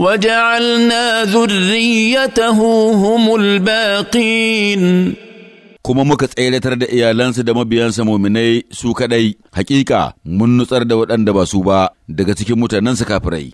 وجعلنا ذريته هم الباقين kuma muka tseratar da iyalansa da mabiyansa muminai su kaɗai, hakika mun nutsar da waɗanda ba su ba daga cikin mutanensa kafirai.